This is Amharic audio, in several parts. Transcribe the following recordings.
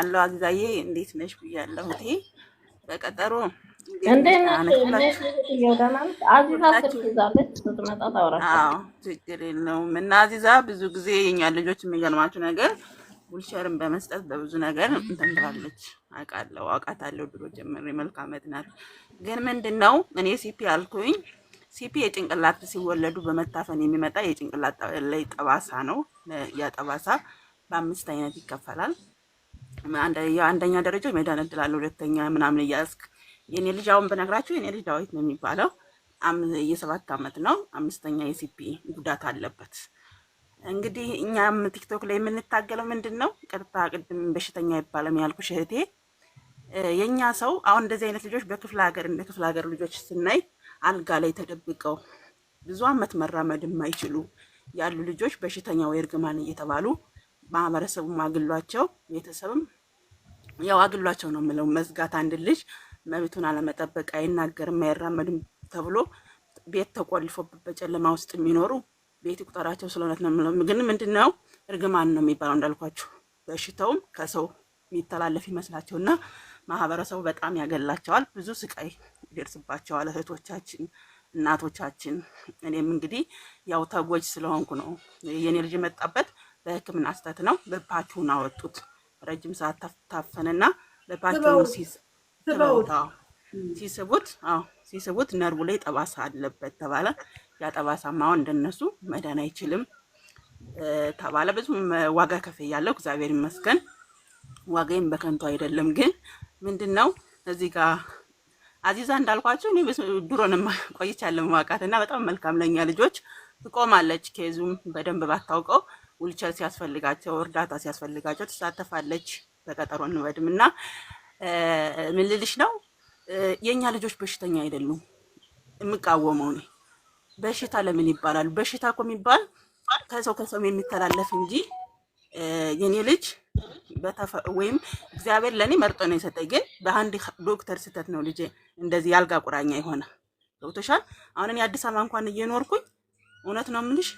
አመሰግናለሁ። አግዛዬ እንዴት ነሽ ብያለሁ። እቴ በቀጠሮ ችግር የለውም እና አዚዛ ብዙ ጊዜ የኛ ልጆች የሚገርማችሁ ነገር ውልቸርን በመስጠት በብዙ ነገር እንትን ብላለች። አውቃለሁ አውቃታለሁ፣ ድሮ ጀምሬ መልካም ናት። ግን ምንድን ነው እኔ ሲፒ አልኩኝ። ሲፒ የጭንቅላት ሲወለዱ በመታፈን የሚመጣ የጭንቅላት ላይ ጠባሳ ነው። ያ ጠባሳ በአምስት አይነት ይከፈላል። የአንደኛ ደረጃ ሜዳን እድል አለ፣ ሁለተኛ ምናምን እያስክ የኔ ልጅ አሁን ብነግራችሁ የኔ ልጅ ዳዊት ነው የሚባለው። የሰባት ዓመት ነው። አምስተኛ የሲፒ ጉዳት አለበት። እንግዲህ እኛም ቲክቶክ ላይ የምንታገለው ምንድን ነው? ቀጥታ ቅድም በሽተኛ አይባልም ያልኩሽ እህቴ፣ የእኛ ሰው አሁን እንደዚህ አይነት ልጆች በክፍለ ሀገር እንደ ክፍለ ሀገር ልጆች ስናይ አልጋ ላይ ተደብቀው ብዙ ዓመት መራመድ የማይችሉ ያሉ ልጆች በሽተኛ ወይ እርግማን እየተባሉ ማህበረሰቡም አግሏቸው ቤተሰብም ያው አግሏቸው ነው የምለው። መዝጋት አንድ ልጅ መብቱን አለመጠበቅ አይናገርም አይራመድም ተብሎ ቤት ተቆልፎበት በጨለማ ውስጥ የሚኖሩ ቤት ቁጠራቸው ስለሆነት ነው የምለው። ግን ምንድን ነው እርግማን ነው የሚባለው እንዳልኳችሁ፣ በሽታውም ከሰው የሚተላለፍ ይመስላቸው እና ማህበረሰቡ በጣም ያገላቸዋል። ብዙ ስቃይ ይደርስባቸዋል እህቶቻችን እናቶቻችን እኔም እንግዲህ ያው ተጎጅ ስለሆንኩ ነው የኔ ልጅ የመጣበት በህክምና ስተት ነው። ልባችሁን አወጡት። ረጅም ሰዓት ታፈንና ልባችሁን ሲስቡት ሲስቡት ነርቡ ላይ ጠባሳ አለበት ተባለ። ያ ጠባሳ ማሆን እንደነሱ መዳን አይችልም ተባለ። ብዙ ዋጋ ያለው እግዚአብሔር ይመስገን። ዋጋዬም በከንቱ አይደለም። ግን ምንድን ነው እዚህ ጋር አዚዛ እንዳልኳቸው እኔ ድሮንም ቆይቻለሁ ማውቃት እና በጣም መልካም ለኛ ልጆች ትቆማለች። ኬዙም በደንብ ባታውቀው ውልቸር ሲያስፈልጋቸው እርዳታ ሲያስፈልጋቸው ትሳተፋለች። በቀጠሮ እንበድም እና ምን ልልሽ ነው የእኛ ልጆች በሽተኛ አይደሉም። የምቃወመው እኔ በሽታ ለምን ይባላል? በሽታ እኮ የሚባል ከሰው ከሰው የሚተላለፍ እንጂ የኔ ልጅ ወይም እግዚአብሔር ለእኔ መርጦ ነው የሰጠኝ። ግን በአንድ ዶክተር ስህተት ነው ልጄ እንደዚህ ያልጋ ቁራኛ የሆነ ገብቶሻል። አሁን እኔ አዲስ አበባ እንኳን እየኖርኩኝ እውነት ነው የምልሽ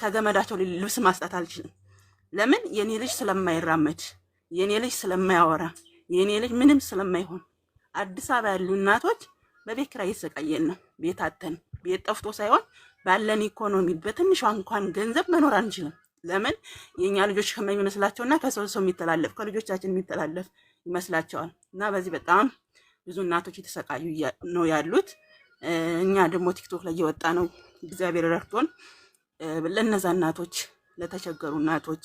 ከገመዳቸው ልብስ ማስጣት አልችልም። ለምን የኔ ልጅ ስለማይራመድ፣ የኔ ልጅ ስለማያወራ፣ የኔ ልጅ ምንም ስለማይሆን አዲስ አበባ ያሉ እናቶች በቤት ኪራይ እየተሰቃየን ነው። ቤት አተን ቤት ጠፍቶ ሳይሆን ባለን ኢኮኖሚ በትንሿ እንኳን ገንዘብ መኖር አንችልም። ለምን የእኛ ልጆች ከሚመስላቸውና ከሰው ሰው የሚተላለፍ ከልጆቻችን የሚተላለፍ ይመስላቸዋል። እና በዚህ በጣም ብዙ እናቶች የተሰቃዩ ነው ያሉት። እኛ ደግሞ ቲክቶክ ላይ እየወጣ ነው እግዚአብሔር ረድቶን ለነዛ እናቶች ለተቸገሩ እናቶች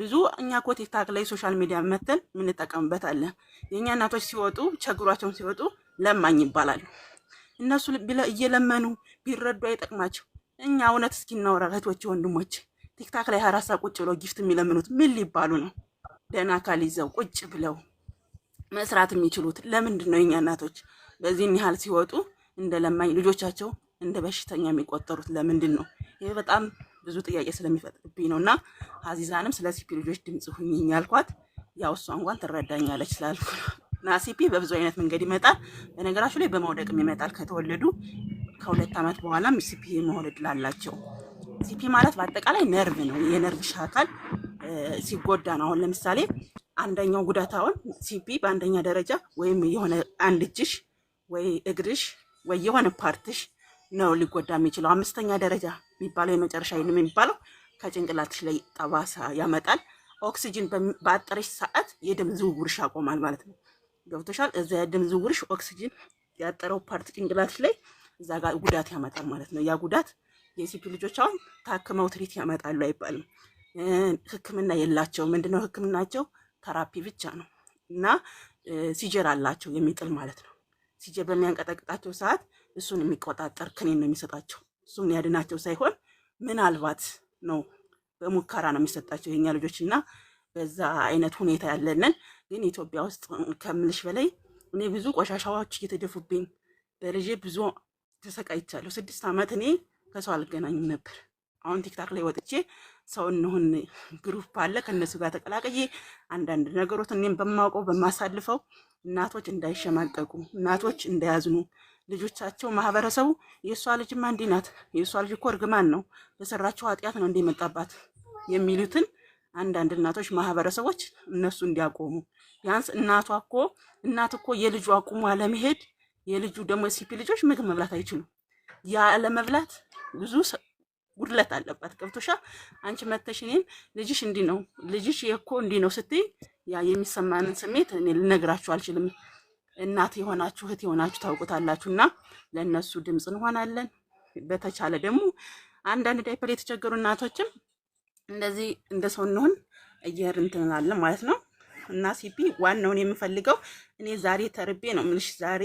ብዙ እኛ ኮ ቲክታክ ላይ ሶሻል ሚዲያ መተን አለ። የእኛ እናቶች ሲወጡ ቸግሯቸውን ሲወጡ ለማኝ ይባላሉ። እነሱ እየለመኑ ቢረዱ አይጠቅማቸው። እኛ እውነት እስኪ እናውራ እህቶች ወንድሞች፣ ቲክታክ ላይ ሀራሳ ቁጭ ብለው ጊፍት የሚለምኑት ምን ሊባሉ ነው? ደህና አካል ይዘው ቁጭ ብለው መስራት የሚችሉት ለምንድን ነው? የኛ እናቶች በዚህን ያህል ሲወጡ እንደ ለማኝ ልጆቻቸው እንደ በሽተኛ የሚቆጠሩት ለምንድን ነው? ይህ በጣም ብዙ ጥያቄ ስለሚፈጥርብኝ ነው። እና አዚዛንም ስለ ሲፒ ልጆች ድምፅ ሁኝኝ ያልኳት ያው እሷ እንኳን ትረዳኛለች ስላልኩ እና ሲፒ በብዙ አይነት መንገድ ይመጣል። በነገራችሁ ላይ በመውደቅም ይመጣል። ከተወለዱ ከሁለት ዓመት በኋላም ሲፒ መውለድ ላላቸው ሲፒ ማለት በአጠቃላይ ነርቭ ነው። የነርቭሽ አካል ሲጎዳ ነው። አሁን ለምሳሌ አንደኛው ጉዳት አሁን ሲፒ በአንደኛ ደረጃ ወይም የሆነ አንድ እጅሽ ወይ እግርሽ ወይ የሆነ ፓርትሽ ነው ሊጎዳ የሚችለው። አምስተኛ ደረጃ የሚባለው የመጨረሻ ይንም የሚባለው ከጭንቅላትሽ ላይ ጠባሳ ያመጣል። ኦክሲጅን በአጠረሽ ሰዓት የደም ዝውውርሽ ያቆማል ማለት ነው። ገብቶሻል? እዛ የደም ዝውውርሽ ኦክሲጅን ያጠረው ፓርት ጭንቅላትሽ ላይ እዛ ጋር ጉዳት ያመጣል ማለት ነው። ያ ጉዳት የሲፒ ልጆች አሁን ታክመው ትሪት ያመጣሉ አይባልም። ሕክምና የላቸው ምንድነው ሕክምናቸው ተራፒ ብቻ ነው እና ሲጀር አላቸው የሚጥል ማለት ነው። ሲጀር በሚያንቀጠቅጣቸው ሰዓት እሱን የሚቆጣጠር ክኒን ነው የሚሰጣቸው። እሱም ያድናቸው ሳይሆን ምናልባት ነው በሙከራ ነው የሚሰጣቸው የኛ ልጆች እና በዛ አይነት ሁኔታ ያለንን ግን ኢትዮጵያ ውስጥ ከምልሽ በላይ እኔ ብዙ ቆሻሻዎች እየተደፉብኝ በልጄ ብዙ ተሰቃይቻለሁ። ስድስት ዓመት እኔ ከሰው አልገናኝም ነበር። አሁን ቲክታክ ላይ ወጥቼ ሰው እንሁን ግሩፕ አለ ከእነሱ ጋር ተቀላቅዬ አንዳንድ ነገሮት እኔም በማውቀው በማሳልፈው እናቶች እንዳይሸማቀቁ እናቶች እንዳያዝኑ ልጆቻቸው ማህበረሰቡ የእሷ ልጅማ እንዲህ ናት፣ የእሷ ልጅ እኮ እርግማን ነው፣ በሰራቸው ኃጢአት ነው እንዲህ መጣባት የሚሉትን አንዳንድ እናቶች ማህበረሰቦች እነሱ እንዲያቆሙ ቢያንስ እናቷ እኮ እናት እኮ የልጁ አቁሙ አለመሄድ የልጁ ደግሞ ሲፒ ልጆች ምግብ መብላት አይችሉም። ያ አለመብላት ብዙ ጉድለት አለባት። ገብቶሻ አንቺ መተሽ እኔን ልጅሽ እንዲህ ነው ልጅሽ የኮ እንዲህ ነው ስትይ ያ የሚሰማንን ስሜት እኔ ልነግራችሁ አልችልም። እናት የሆናችሁ እህት የሆናችሁ ታውቁታላችሁ እና ለእነሱ ድምፅ እንሆናለን። በተቻለ ደግሞ አንዳንድ ዳይፐር የተቸገሩ እናቶችም እንደዚህ እንደ ሰው እንሆን እየር እንትንላለን ማለት ነው እና ሲፒ ዋናውን የምፈልገው እኔ ዛሬ ተርቤ ነው ምልሽ ዛሬ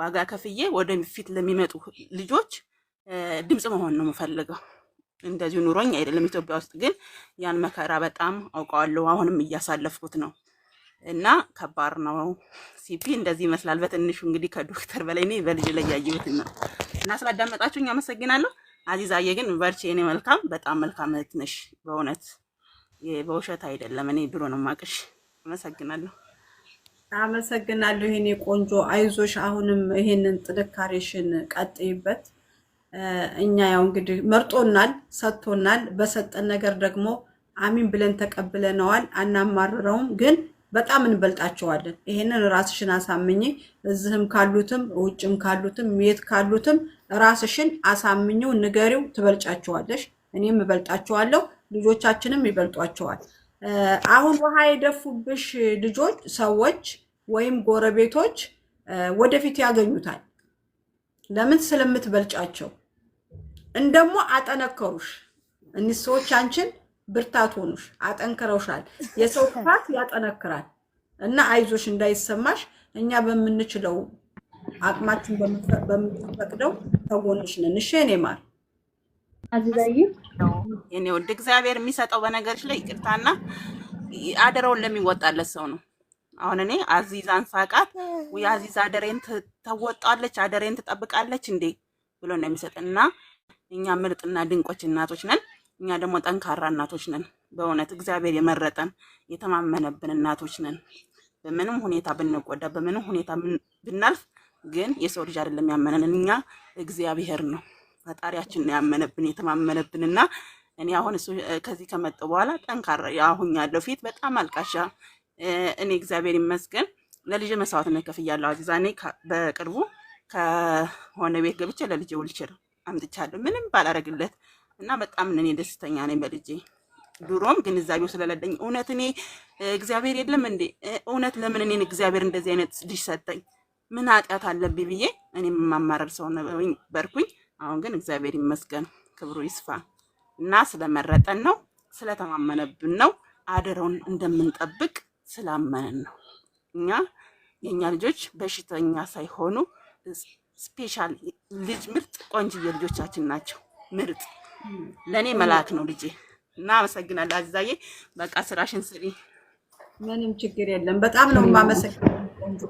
ዋጋ ከፍዬ ወደፊት ለሚመጡ ልጆች ድምፅ መሆን ነው የምፈልገው። እንደዚሁ ኑሮኝ አይደለም ኢትዮጵያ ውስጥ ግን ያን መከራ በጣም አውቀዋለሁ። አሁንም እያሳለፍኩት ነው። እና ከባድ ነው። ሲፒ እንደዚህ ይመስላል በትንሹ እንግዲህ ከዶክተር በላይ እኔ በልጅ ላይ ያየሁት ነው። እና ስላዳመጣችሁኝ አመሰግናለሁ። አዚዛዬ ግን በርቺ፣ እኔ መልካም በጣም መልካም እህት ነሽ። በእውነት በውሸት አይደለም። እኔ ድሮ ነው ማቅሽ። አመሰግናለሁ። አመሰግናለሁ። ይሄኔ ቆንጆ አይዞሽ። አሁንም ይሄንን ጥንካሬሽን ቀጥይበት። እኛ ያው እንግዲህ መርጦናል፣ ሰጥቶናል። በሰጠን ነገር ደግሞ አሚን ብለን ተቀብለነዋል። አናማርረውም ግን በጣም እንበልጣቸዋለን። ይሄንን ራስሽን አሳምኝ። እዚህም ካሉትም ውጭም ካሉትም የት ካሉትም ራስሽን አሳምኝው፣ ንገሪው። ትበልጫቸዋለሽ፣ እኔም እበልጣቸዋለሁ፣ ልጆቻችንም ይበልጧቸዋል። አሁን ውሃ የደፉብሽ ልጆች፣ ሰዎች ወይም ጎረቤቶች ወደፊት ያገኙታል። ለምን? ስለምትበልጫቸው። እንደሞ አጠነከሩሽ እኒህ ሰዎች አንቺን ብርታት ሆኑሽ፣ አጠንክረውሻል። የሰው ክፋት ያጠነክራል እና አይዞሽ እንዳይሰማሽ እኛ በምንችለው አቅማችን በምንፈቅደው ተጎንሽ ነን። እሺ የኔ ማር አዚዛዬ፣ የኔ ውድ እግዚአብሔር የሚሰጠው በነገርሽ ላይ ይቅርታና አደራውን ለሚወጣለት ሰው ነው። አሁን እኔ አዚዛን ሳቃት ወይ አዚዛ አደሬን ተወጣለች፣ አደሬን ትጠብቃለች እንዴ ብሎ ነው የሚሰጥ እና እኛ ምርጥና ድንቆች እናቶች ነን። እኛ ደግሞ ጠንካራ እናቶች ነን። በእውነት እግዚአብሔር የመረጠን የተማመነብን እናቶች ነን። በምንም ሁኔታ ብንጎዳ፣ በምንም ሁኔታ ብናልፍ ግን የሰው ልጅ አይደለም ያመነን እኛ እግዚአብሔር ነው ፈጣሪያችን ነው ያመነብን የተማመነብን እና እኔ አሁን እሱ ከዚህ ከመጣ በኋላ ጠንካራ አሁን ያለው ፊት በጣም አልቃሻ እኔ እግዚአብሔር ይመስገን ለልጅ መስዋዕትነት ከፍያለሁ። አዚዛ እኔ በቅርቡ ከሆነ ቤት ገብቼ ለልጅ ውልችር አምጥቻለሁ ምንም ባላረግለት እና በጣም እኔ ደስተኛ ነኝ በልጄ። ድሮም ግንዛቤው ስለሌለኝ እውነት እኔ እግዚአብሔር የለም እንዴ እውነት ለምን እኔን እግዚአብሔር እንደዚህ አይነት ልጅ ሰጠኝ? ምን ኃጢአት አለብኝ ብዬ እኔም የማማረር ሰው ነበርኩኝ። አሁን ግን እግዚአብሔር ይመስገን ክብሩ ይስፋ እና ስለመረጠን ነው ስለተማመነብን ነው አደረውን እንደምንጠብቅ ስላመንን ነው። እኛ የእኛ ልጆች በሽተኛ ሳይሆኑ ስፔሻል ልጅ ምርጥ ቆንጅዬ ልጆቻችን ናቸው። ምርጥ ለእኔ መልአክ ነው ልጄ እና አመሰግናለሁ። አዛዬ በቃ ስራሽን ስሪ። ምንም ችግር የለም። በጣም ነው የማመሰግነው።